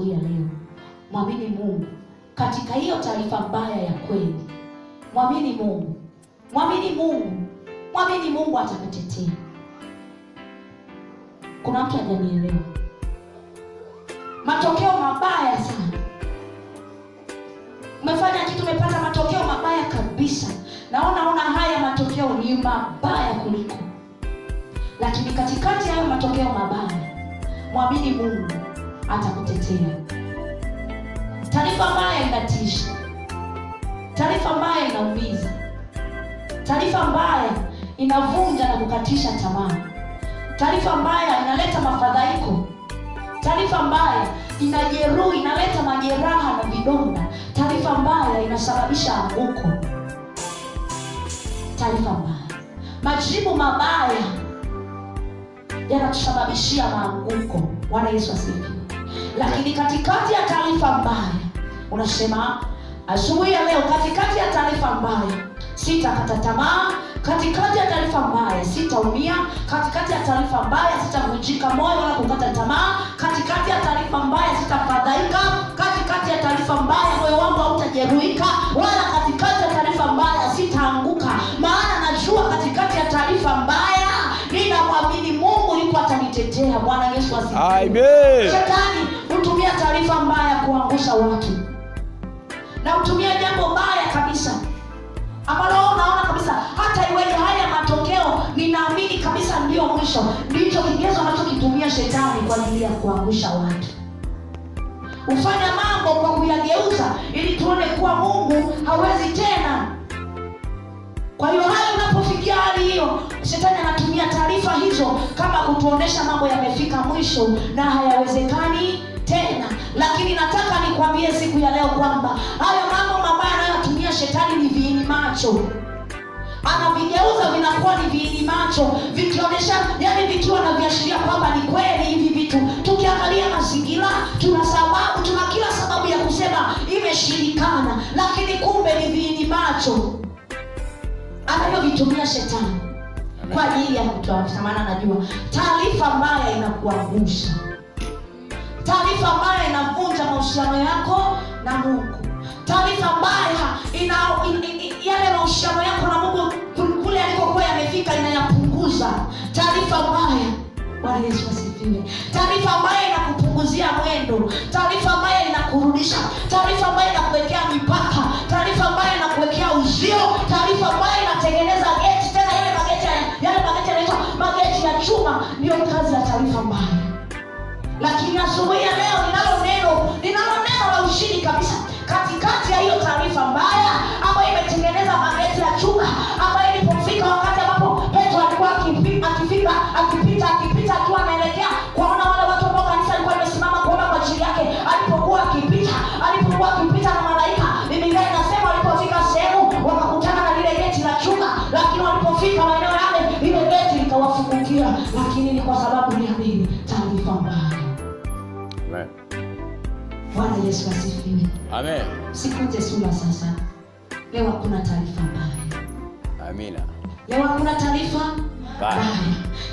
asubuhi ya leo. Mwamini Mungu katika hiyo taarifa mbaya ya kweli. Mwamini Mungu, mwamini Mungu, mwamini Mungu atakutetea. Kuna mtu hajanielewa. Matokeo mabaya sana, umefanya kitu, umepata matokeo mabaya kabisa. Naona ona, haya matokeo ni mabaya kuliko, lakini katikati ya hayo matokeo mabaya, mwamini Mungu atakutetea. Taarifa mbaya inatisha, taarifa mbaya inaumiza, taarifa mbaya inavunja na kukatisha tamaa, taarifa mbaya inaleta mafadhaiko, taarifa mbaya inajeruhi, inaleta majeraha na vidonda, taarifa mbaya inasababisha anguko, taarifa mbaya, majibu mabaya yanatusababishia maanguko. Bwana Yesu asifiwe. Lakini katikati ya taarifa mbaya unasema asubuhi ya leo, katikati ya taarifa mbaya sitakata tamaa, katikati ya taarifa mbaya sitaumia, katikati ya taarifa mbaya sitavunjika moyo wala kukata tamaa, katikati ya taarifa mbaya sitafadhaika, katikati ya taarifa mbaya moyo wangu hautajeruhika, wala katikati ya taarifa mbaya sitaanguka, maana najua katikati ya taarifa mbaya ninamwamini Mungu, liko atanitetea. Bwana Yesu asifiwe. Amen. Shetani taarifa mbaya kuangusha watu na kutumia jambo baya kabisa ambalo unaona kabisa hata iweje haya matokeo ninaamini kabisa ndio mwisho, ndicho kigezo anachokitumia shetani kwa ajili ya kuangusha watu. Hufanya mambo kwa kuyageuza ili tuone kuwa Mungu hawezi tena. Kwa hiyo hayo, unapofikia hali hiyo, shetani anatumia taarifa hizo kama kutuonesha mambo yamefika mwisho na hayawezekani tena. Lakini nataka nikwambie siku ya leo kwamba hayo mambo mabaya anayotumia shetani ni viini macho, anavigeuza vinakuwa ni viini macho, vikionyesha yani, vikiwa na viashiria kwamba ni kweli hivi vitu. Tukiangalia mazingira, tuna sababu, tuna kila sababu ya kusema imeshirikana, lakini kumbe ni viini macho anavyovitumia shetani kwa ajili ya kutoa. Maana najua taarifa mbaya inakuangusha taarifa mbaya inavunja mahusiano yako na Mungu, taarifa mbaya ina, yale mahusiano yako na Mungu kule yalikokuwa yamefika inayapunguza. Taarifa mbaya Bwana Yesu asifiwe. Taarifa mbaya inakupunguzia mwendo, taarifa mbaya inakurudisha, taarifa mbaya inakuwekea mipaka, taarifa mbaya inakuwekea uzio, taarifa mbaya inatengeneza geti, tena yale mageti yale mageti yanaitwa mageti ya chuma. Ndiyo kazi ya taarifa mbaya lakini asubuhi ya leo ninalo neno, ninalo neno la ushindi kabisa katikati ya hiyo taarifa mbaya ambayo imetengeneza mageti ya chuma, ambayo ilipofika wakati ambapo Petro alikuwa akifika akipita akipita Amen. Bwana Yesu asifiwe. Amen. Siku sura sasa. Leo hakuna taarifa mbaya. Amina. Leo hakuna taarifa mbaya.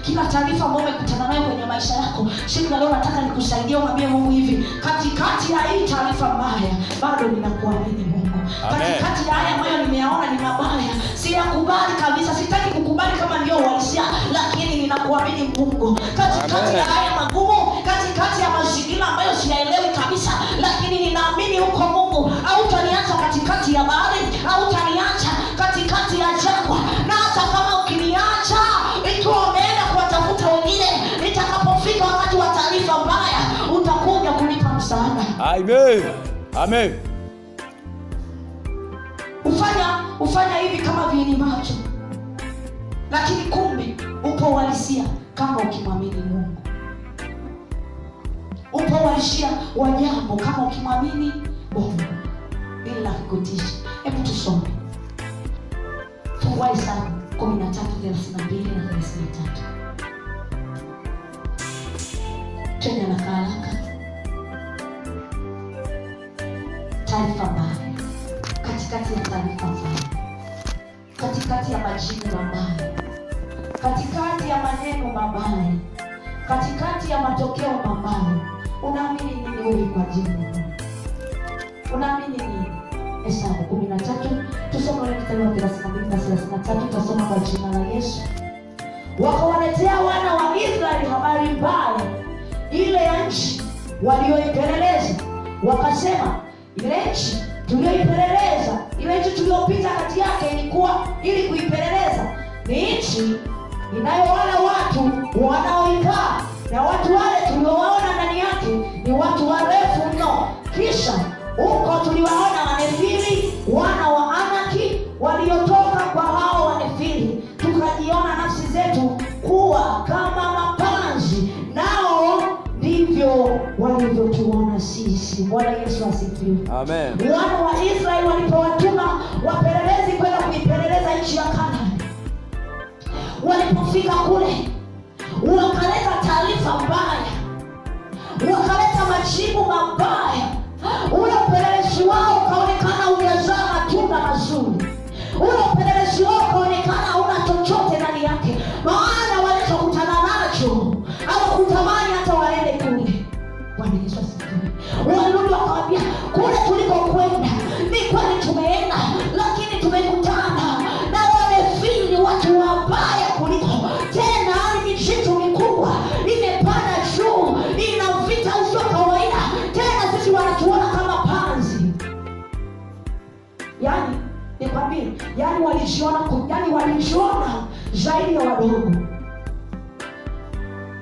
Kila taarifa ambayo umekutana nayo kwenye maisha yako, siku leo nataka nikusaidie, mwambie Mungu hivi, katikati ya hii taarifa mbaya bado ninakuamini Mungu. Katikati ya haya ambayo nimeyaona ni mabaya, siyakubali kabisa, sitaki kukubali kama ndio uhalisia, lakini ninakuamini Mungu. Katikati ya haya magumu msaada. Amen. Amen. Ufanya ufanya hivi kama viini macho, lakini kumbe upo uhalisia kama ukimwamini Mungu, upo uhalisia wa jambo kama ukimwamini Mungu bila kutisha. Hebu tusome, fungua Isaya 13:32 na 33. Tena haraka haraka. taarifa mbaya, katikati ya taarifa mbaya, katikati ya majina mabaya, katikati ya maneno mabaya, katikati ya matokeo mabaya, unaamini nini wewe kwa jina? Unaamini nini? Hesabu kumi na tatu tusome ule mstari wa thelathini na mbili na thelathini na tatu tutasoma kwa jina la Yesu. Wakawaletea wana wa Israeli habari mbaya ile ya nchi walioipeleleza, wakasema ile nchi tuliyoipeleleza, ile nchi tuliyopita kati yake, ilikuwa ili kuipeleleza, ni nchi inayo wale watu wanaoikaa, na watu wale tuliowaona ndani yake ni watu warefu mno, kisha huko tuliwaona manesi Bwana Yesu asifiwe. Amen. Wana wa Israeli walipowatuma wapelelezi kwenda kuipeleleza nchi ya Kanaani, walipofika kule wakaleta taarifa mbaya, wakaleta majibu mabaya. Ule upelelezi wao ukaonekana hujazaa matunda mazuri, ule upelelezi wao ukaonekana una chochote walijiona zaidi ya wadogo,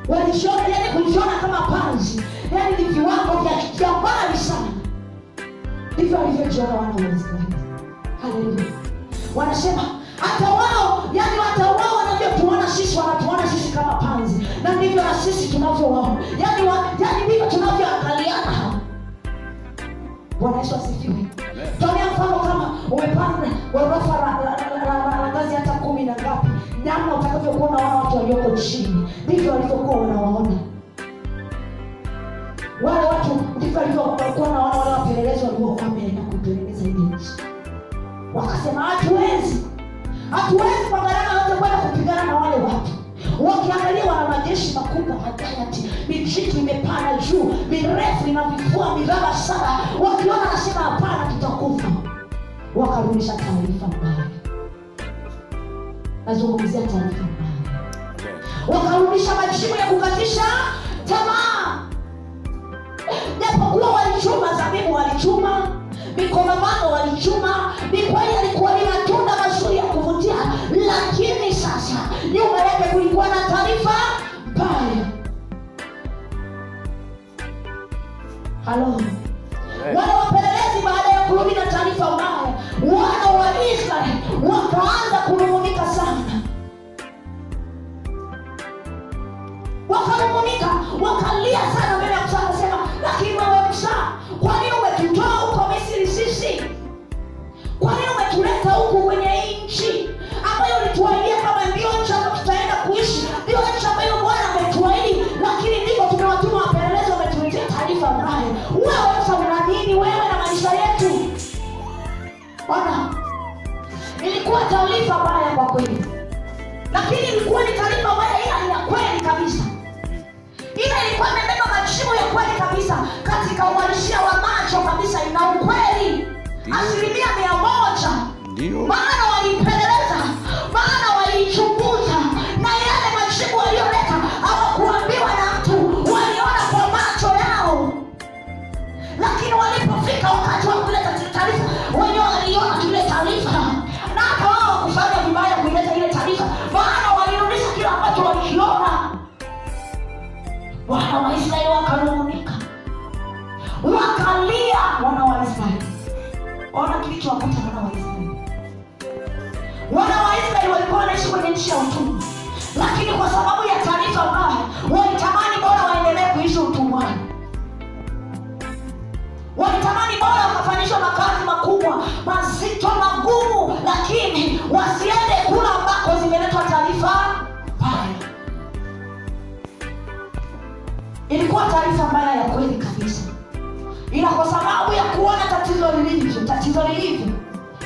walijiona yani, kujiona kama panzi, yani ni viwango vya mbali sana. Ndivyo walivyojiona wana wa Israeli. Haleluya, wanasema chini, ndivyo walivyokuwa wanawaona wale watu, ndivyo walivyokuwa wanaona wale wapelelezi waliokuwa wameenda kupeleleza ile nchi. Wakasema hatuwezi, hatuwezi pangana yote kwenda kupigana na wale watu. Wakiangalia wana majeshi makubwa magayati, mijitu imepanda juu, mirefu ina vifua miraba saba. Wakiona nasema hapana, tutakufa. Wakarudisha taarifa mbaya, nazungumzia taarifa wakarudisha mashimo ya kukatisha tamaa. Japokuwa walichuma zabibu, walichuma mikomamano, walichuma mikweli, alikuwa ni matunda mazuri ya kuvutia, lakini sasa nyuma yake kulikuwa na taarifa mbaya. Halo, eh. wale wapelelezi baada ya kurudi na taarifa mbaya, wana wa Israeli wakaanza kurudi wakanungunika, wakalia sana mbele ya Musa, akasema, lakini wewe Musa, kwa nini uhalisia wa macho kabisa, ina ukweli asilimia mia moja, maana walipeleleza kuisha utumwa, lakini kwa sababu ya taarifa mbaya walitamani bora waendelee kuishi utumwani, walitamani bora wakafanyishwa makazi makubwa mazito magumu, lakini wasiende kula ambako zimeletwa taarifa mbaya. Ilikuwa taarifa mbaya ya kweli kabisa, ila kwa sababu ya kuona tatizo lilivyo, tatizo lilivyo,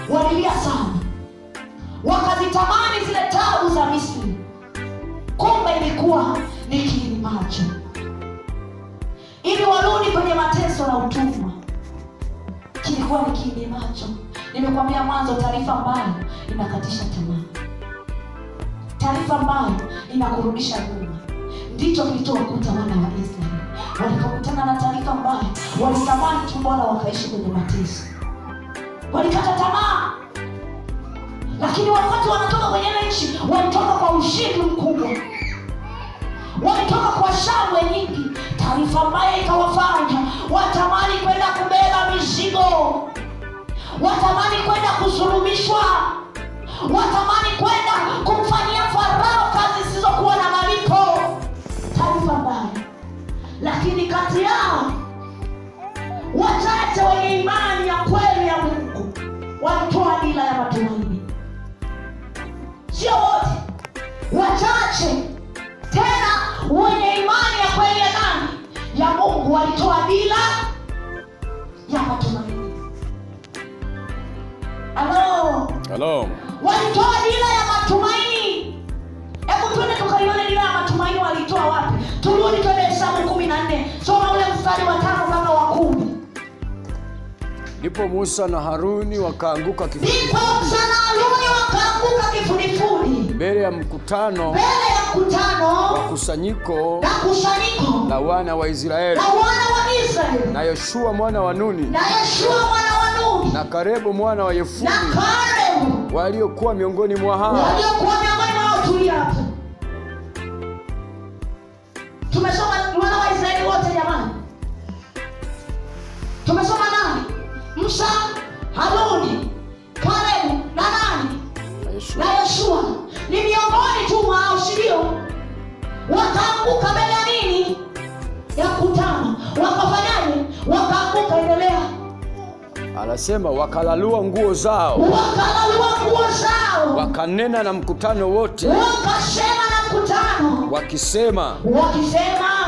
walilia sana wakazitamani zile tabu za Misri, kumbe ilikuwa ni kilimacho ili warudi kwenye mateso na utumwa. Kilikuwa ni kiinimacho. Nimekwambia mwanzo, taarifa ambayo inakatisha tamaa, taarifa ambayo inakurudisha nyuma, ndicho kilichowakuta wana wa Israeli walipokutana na taarifa ambayo walitamani tu, bora wakaishi kwenye mateso, walikata tamaa lakini wakati wanatoka kwenye ile nchi walitoka kwa ushindi mkubwa, walitoka kwa shangwe nyingi, taarifa mbaya ikawafanya watamani kwenda kubeba mizigo, watamani kwenda kusulubishwa, watamani kwenda kumfanyia Farao kazi zisizokuwa na malipo, taarifa mbaya. Lakini kati yao wachache wenye imani ya kweli ya Mungu walitoa dira ya matumaini sio wote, wachache tena wenye imani ya kweli ya dhambi ya Mungu walitoa bila ya matumaini. Halo, halo, walitoa bila ya matumaini. Hebu tuende tukaione bila ya matumaini walitoa wapi? Turudi twende Hesabu kumi na nne, soma ule mstari wa tatu. Ndipo Musa na Haruni wakaanguka kifudifudi mbele ya mkutano wa kusanyiko la wana wa Israeli na Yoshua mwana wa Nuni na Karebu mwana wa Yefune waliokuwa miongoni mwa hao Musa, Haruni, Kalebu na nani na Yoshua ni miongoni tu mwao, ndio? Wakaanguka mbele ya nini? Ya kutana, wakafanyaje? Wakaanguka. Endelea. Anasema wakalalua nguo zao, wakalalua nguo zao, wakanena na mkutano wote, wakasema na mkutano, wakisema wakisema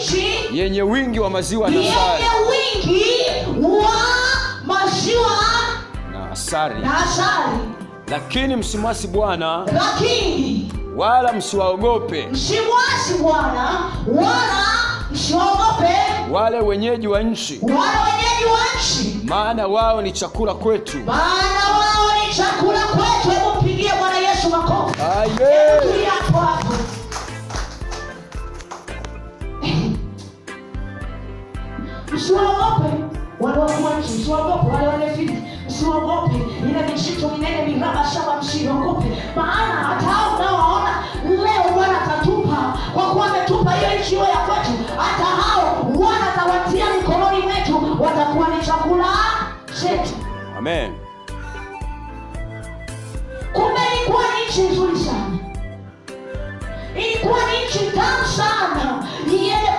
nchi yenye wingi wa maziwa na asali, yenye wingi wa maziwa na asali, na asali. Lakini msimwasi Bwana, lakini wala msiwaogope, msimwasi Bwana wala msiwaogope wale wenyeji wa nchi, wale wenyeji wa nchi, maana wao ni chakula kwetu, maana wao ni chakula kwetu. Hebu mpigie Bwana Yesu makofi. Aye. yeah. Usiwaogope wanaokuwa nchi, usiwaogope wale waliozidi, usiwaogope ile mishito minene miraba shaba, msiogope maana hata hao unaowaona leo Bwana atatupa, kwa kuwa ametupa hiyo nchi hiyo ya kwetu. Hata hao Bwana atawatia mikononi mwetu, watakuwa ni chakula chetu. Amen. Kumbe ilikuwa ni nchi nzuri sana, ilikuwa ni nchi tamu sana, ni yenye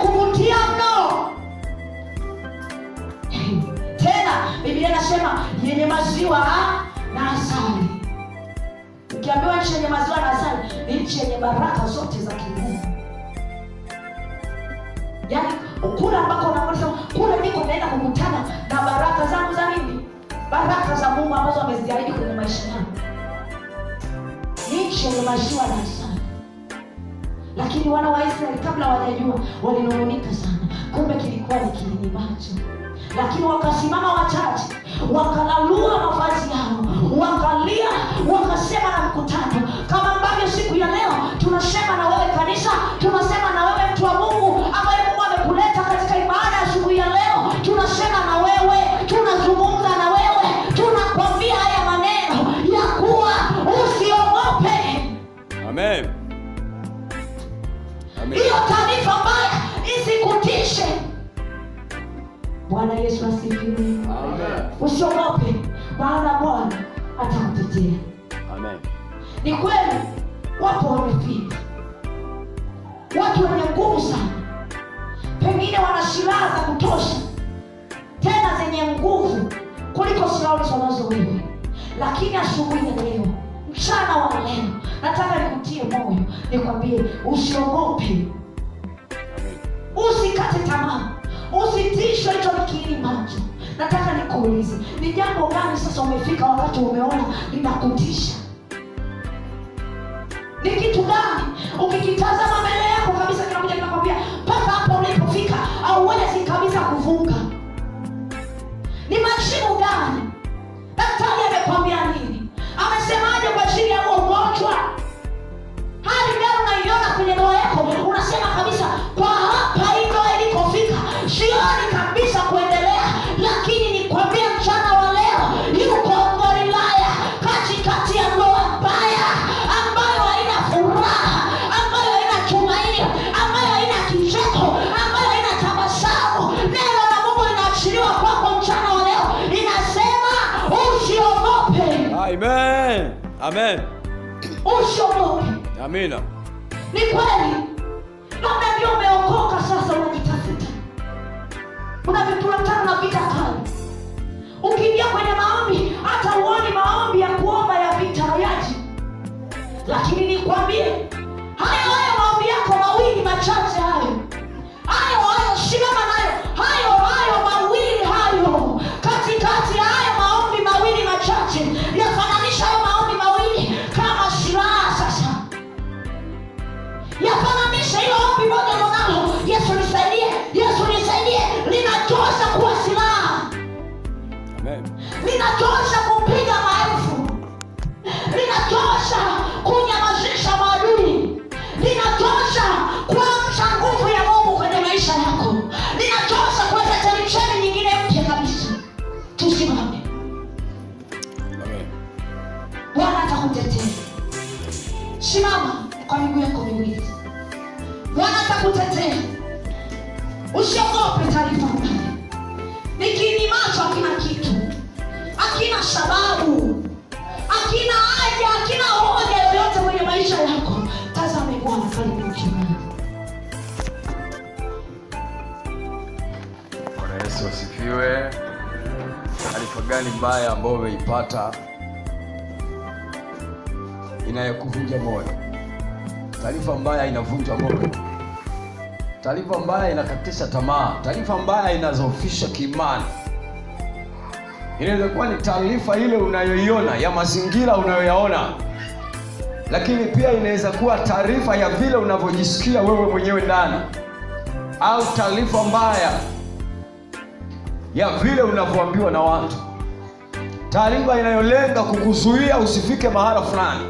Biblia inasema yenye maziwa na asali. Ukiambiwa nchi yenye maziwa na asali ni nchi yenye baraka zote za Kimungu. Yaani kule ambako unakwenda kule niko naenda kukutana na baraka zangu za nini? Baraka za Mungu ambazo ameziahidi kwenye maisha yangu. Ni nchi yenye maziwa na asali. Lakini wana wa Israeli kabla hawajajua walinung'unika sana. Kumbe kilikuwa ni kilini macho lakini wakasimama wachache, wakalalua mavazi yao, wakalia, wakasema na mkutano, kama ambavyo siku ya leo tunasema na wewe kanisa, tunasema na wewe mtu wa Mungu ambaye Mungu amekuleta katika ibada ya siku ya leo, tunasema na wewe, tunazungumza na wewe, tunakwambia haya maneno ya kuwa usiogope. Amen. Amen. Bwana Yesu asifiwe. Amen. Usiogope maana Bwana atakutetea. Amen. Ni kweli wapo wamefika watu wenye nguvu sana, pengine wana silaha za kutosha, tena zenye nguvu kuliko silaha ulizonazo wewe, lakini asubuhi ya leo, mchana wa leo, nataka nikutie moyo, nikwambie usiogope, usikate tamaa usitishe hicho kiinimacho. Nataka nikuulize, ni jambo gani sasa umefika wakati umeona linakutisha? Ni kitu gani ukikitaza Amen. Amen. Usiogope. Amina. Ni kweli. Labda ndio umeokoka sasa unajitafuta. Unavipulatana na vita kali. Ukiingia kwenye maombi hata uone maombi ya kuomba ya vita hayaji. Lakini nikwambie hayo hayo maombi yako mawili machache hayo. Hayo hayo shikama nayo. Hayo Yesu asifiwe. Taarifa gani mbaya ambayo umeipata inayokuvunja moyo? Taarifa mbaya inavunja moyo, taarifa mbaya inakatisha tamaa, taarifa mbaya inazofisha kiimani. Inaweza kuwa ni taarifa ile unayoiona ya mazingira unayoyaona, lakini pia inaweza kuwa taarifa ya vile unavyojisikia wewe mwenyewe ndani, au taarifa mbaya ya vile unavyoambiwa na watu, taarifa inayolenga kukuzuia usifike mahala fulani.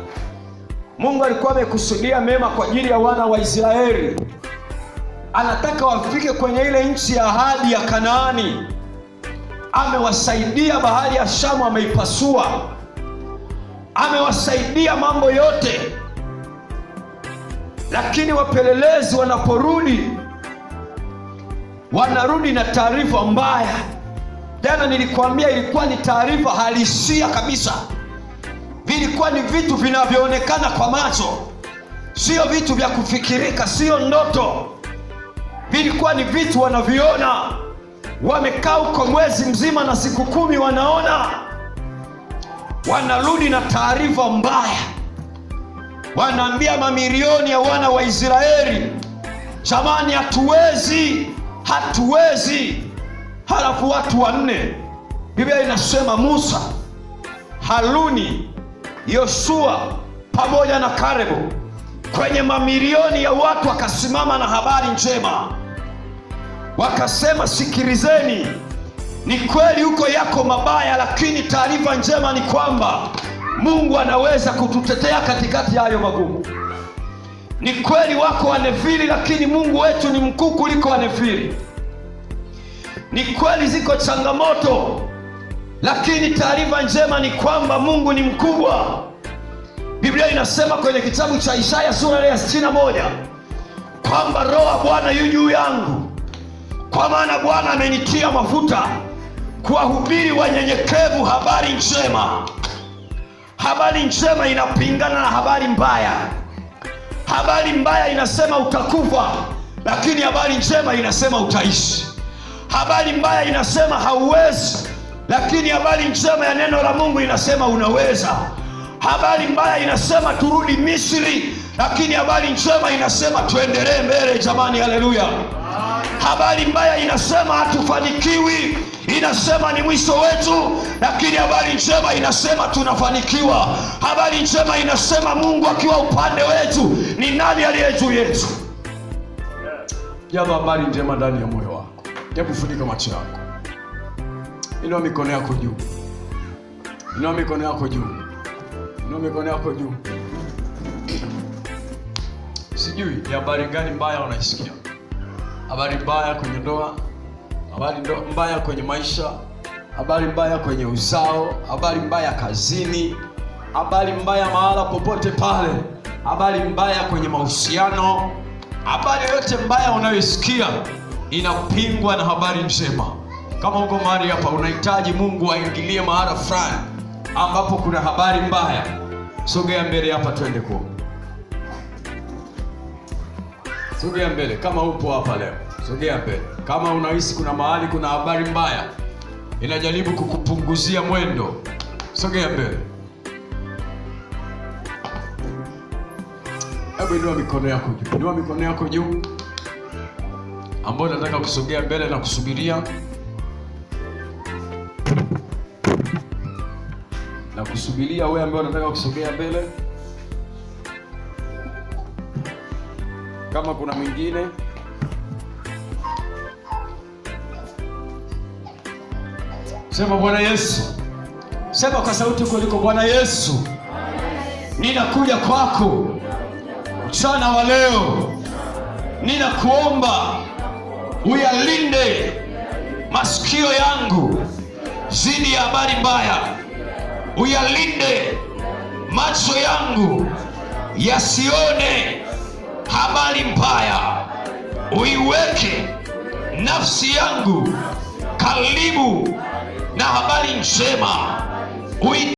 Mungu alikuwa amekusudia mema kwa ajili ya wana wa Israeli, anataka wafike kwenye ile nchi ya ahadi ya Kanaani. Amewasaidia, bahari ya Shamu ameipasua, amewasaidia mambo yote, lakini wapelelezi wanaporudi wanarudi na taarifa mbaya. Jana nilikwambia ilikuwa ni taarifa halisia kabisa, vilikuwa ni vitu vinavyoonekana kwa macho, sio vitu vya kufikirika, sio ndoto, vilikuwa ni vitu wanaviona. Wamekaa huko mwezi mzima na siku kumi, wanaona, wanarudi na taarifa mbaya, wanaambia mamilioni ya wana wa Israeli, jamani, hatuwezi, hatuwezi halafu watu wanne. Biblia inasema Musa, Haruni, Yoshua pamoja na Kalebu kwenye mamilioni ya watu wakasimama na habari njema, wakasema sikilizeni, ni kweli huko yako mabaya, lakini taarifa njema ni kwamba Mungu anaweza kututetea katikati ya hayo magumu. Ni kweli wako Wanefili, lakini Mungu wetu ni mkuu kuliko Wanefili. Ni kweli ziko changamoto, lakini taarifa njema ni kwamba Mungu ni mkubwa. Biblia inasema kwenye kitabu cha Isaya sura ya 61 kwamba roho ya Bwana yu juu yangu, kwa maana Bwana amenitia mafuta kuwahubiri wanyenyekevu habari njema. Habari njema inapingana na habari mbaya. Habari mbaya inasema utakufa, lakini habari njema inasema utaishi. Habari mbaya inasema hauwezi, lakini habari njema ya neno la Mungu inasema unaweza. Habari mbaya inasema turudi Misri, lakini habari njema inasema tuendelee mbele. Jamani, haleluya! Habari mbaya inasema hatufanikiwi, inasema ni mwisho wetu, lakini habari njema inasema tunafanikiwa. Habari njema inasema Mungu akiwa upande wetu, ni nani aliye juu yetu? Jambo, habari njema ndani ya moyo Hebu funika macho yako, inua mikono yako juu, inua mikono yako juu, inua mikono yako juu. Sijui ni habari gani mbaya unaisikia, habari mbaya kwenye ndoa, habari mbaya kwenye maisha, habari mbaya kwenye uzao, habari mbaya kazini, habari mbaya mahala popote pale, habari mbaya kwenye mahusiano, habari yote mbaya unayoisikia inapingwa na habari njema. Kama uko mahali hapa unahitaji Mungu aingilie mahali fulani ambapo kuna habari mbaya, sogea mbele hapa, twende kuomba. Sogea mbele kama upo hapa leo, sogea mbele. Kama unahisi kuna mahali kuna habari mbaya inajaribu kukupunguzia mwendo, sogea mbele. Hebu inua mikono yako juu, inua mikono yako juu ambayo nataka kusogea mbele na kusubiria na kusubiria wewe ambaye unataka kusogea mbele. Kama kuna mwingine sema Bwana Yesu, sema kwa sauti kuliko Bwana Yesu, ninakuja kwako mchana wa leo, ninakuomba uyalinde masikio yangu dhidi ya habari mbaya, uyalinde macho yangu yasione habari mbaya, uiweke nafsi yangu karibu na habari njema.